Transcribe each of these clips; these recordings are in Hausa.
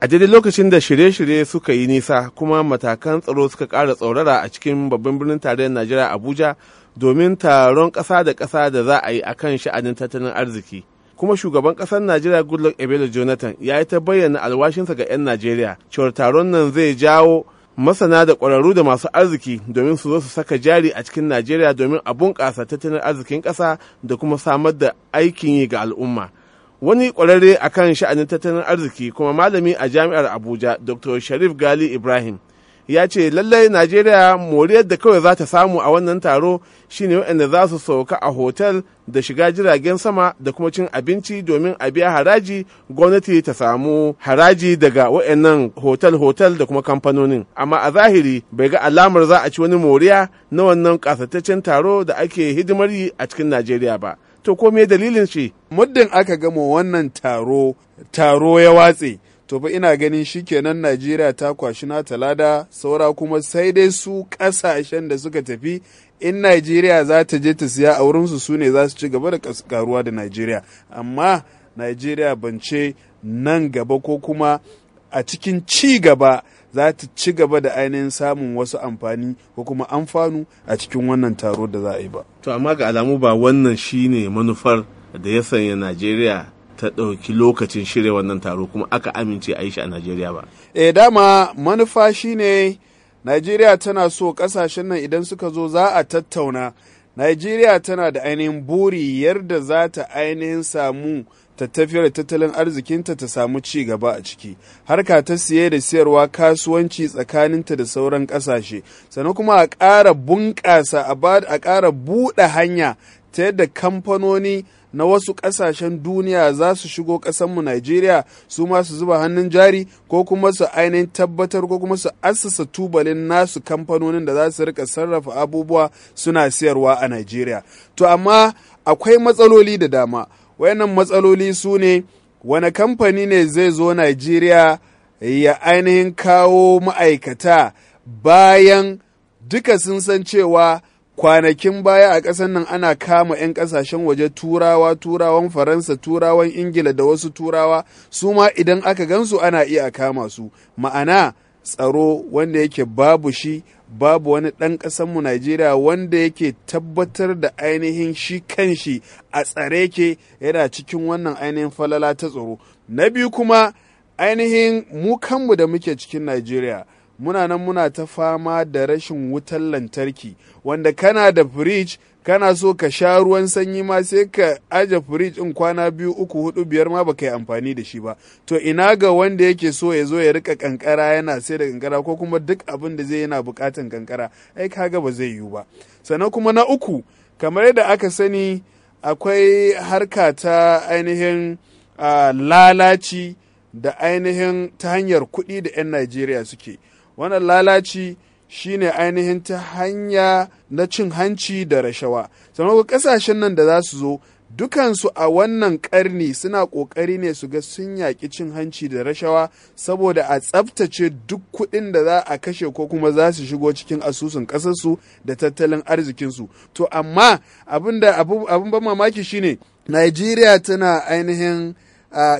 a daidai lokacin da shirye-shirye suka yi nisa kuma matakan tsaro suka ƙara tsaurara a cikin babban birnin tarayyar najeriya abuja domin taron ƙasa da ƙasa da za a yi a kan sha'anin tattalin arziki kuma shugaban ƙasar najeriya goodluck ebele jonathan ya yi ta bayyana alwashinsa ga 'yan najeriya cewar taron nan zai jawo masana da ƙwararru da masu arziki domin su zo su saka jari a cikin najeriya domin a bunƙasa tattalin arzikin ƙasa da kuma samar da aikin yi ga al'umma wani kwararre a kan sha'anin tattalin arziki kuma malami a jami'ar abuja dr sharif gali ibrahim ya ce lallai najeriya moriyar da kawai za ta samu a wannan taro shine waɗanda za su sauka a hotel da shiga jiragen sama da kuma cin abinci domin a biya haraji gwamnati ta samu haraji daga waɗannan hotel-hotel da kuma kamfanonin amma a zahiri bai ga alamar za a ci wani moriya na wannan ƙasataccen taro da ake hidimar yi a cikin najeriya ba to ko me dalilin shi muddin aka gama wannan taro taro ya watse to ba ina ganin shi shikenan Najeriya ta kwashi na talada saura kuma sai dai su kasashen da suka tafi in Najeriya za ta je ta siya a wurinsu su ne za su ci gaba da karuwa da Najeriya amma Najeriya bance nan gaba ko kuma a cikin ci gaba za ta ci gaba da ainihin samun wasu amfani ko kuma amfanu a cikin wannan taro da za a yi ba. To amma ga alamu ba wannan shine manufar da ya sanya Najeriya ta ɗauki lokacin shirya wannan taro kuma aka amince a yi shi a Najeriya ba. E dama manufa shine Najeriya tana so ƙasashen nan idan suka zo za a tattauna Najeriya tana da ainihin buri yadda za ta ainihin samu ta tafiyar tattalin arzikinta ta samu ci gaba a ciki harka ta siye da siyarwa kasuwanci tsakaninta da sauran kasashe sannan kuma a ƙara bunƙasa a ƙara buɗe hanya ta yadda kamfanoni na wasu ƙasashen duniya za su shigo ƙasanmu Najeriya su ma su zuba hannun jari ko kuma su ainihin tabbatar ko kuma su assasa tubalin nasu kamfanonin da za su rika sarrafa abubuwa suna siyarwa a Najeriya. To amma akwai matsaloli da dama. Wayannan matsaloli su ne wani kamfani ne zai zo Najeriya ya ainihin kawo ma'aikata bayan duka sun san cewa kwanakin baya a ƙasar nan ana kama 'yan ƙasashen waje turawa turawan faransa turawan ingila da wasu turawa su ma idan aka gansu ana iya kama su ma'ana tsaro wanda yake babu shi babu wani ɗan ƙasanmu najeriya wanda yake tabbatar da ainihin shi kan shi a tsare ke yana cikin wannan ainihin falala ta tsaro na biyu kuma ainihin mu kanmu da muke cikin najeriya muna nan muna ta fama da rashin wutar lantarki wanda kana da firij kana so ka sha ruwan sanyi ma sai ka aje firij in kwana biyu uku hudu biyar ma baka yi amfani da shi ba to ina ga wanda yake so ya zo ya rika kankara yana sai da kankara ko kuma duk abin da zai yana bukatan kankara ai kaga ba zai yiwu ba sannan kuma na uku kamar yadda aka sani akwai harka ta ainihin ah, lalaci da ainihin ta hanyar kuɗi da 'yan najeriya suke wannan lalaci shine ainihin ta hanya na cin hanci da rashawa sannan kasashen nan da za su zo dukansu a wannan karni suna ƙoƙari ne su ga sun yaƙi cin hanci da rashawa saboda a tsaftace duk kuɗin da za a kashe ko kuma za su shigo cikin asusun ƙasarsu da tattalin arzikinsu to amma abin abin ban mamaki shine najeriya tana ainihin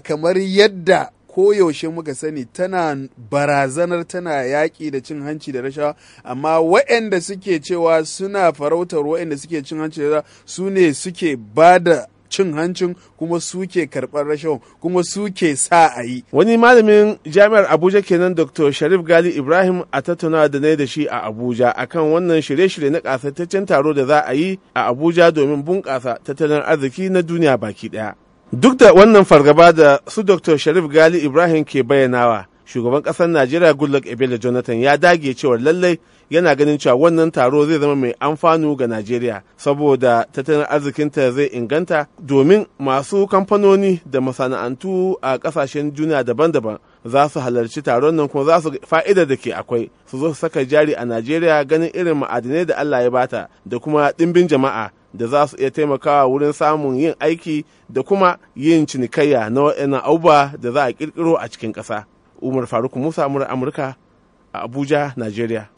kamar yadda koyaushe muka sani tana barazanar tana yaƙi da cin hanci da rashawa amma waɗanda suke cewa suna farautar waɗanda suke cin hanci da su ne suke ba da cin hancin kuma suke karɓar rasha kuma suke sa a yi. Wani malamin jami'ar Abuja kenan Dr. Sharif Gali Ibrahim a tattauna da na da shi a Abuja akan wannan shirye-shirye na ƙasataccen taro da za a yi a Abuja domin bunƙasa tattalin arziki na duniya baki ɗaya. Duk da wannan fargaba da su Dr. Sharif Gali Ibrahim ke bayyanawa, shugaban ƙasar Najeriya Goodluck Ebele Jonathan ya dage cewa lallai yana ganin cewa wannan taro zai zama mai amfanu ga Najeriya saboda tattalin arzikinta zai inganta domin masu kamfanoni da masana'antu a ƙasashen duniya daban-daban za su halarci taron nan kuma za su fa'ida da ke akwai su zo su saka jari a Najeriya ganin irin ma'adinai da Allah ya bata da kuma ɗimbin jama'a da za su iya taimakawa wurin samun yin aiki da kuma yin cinikayya na waɗannan abubuwa da za a ƙirƙiro a cikin ƙasa. Umar Faruk Musa Amurka a Abuja, Najeriya.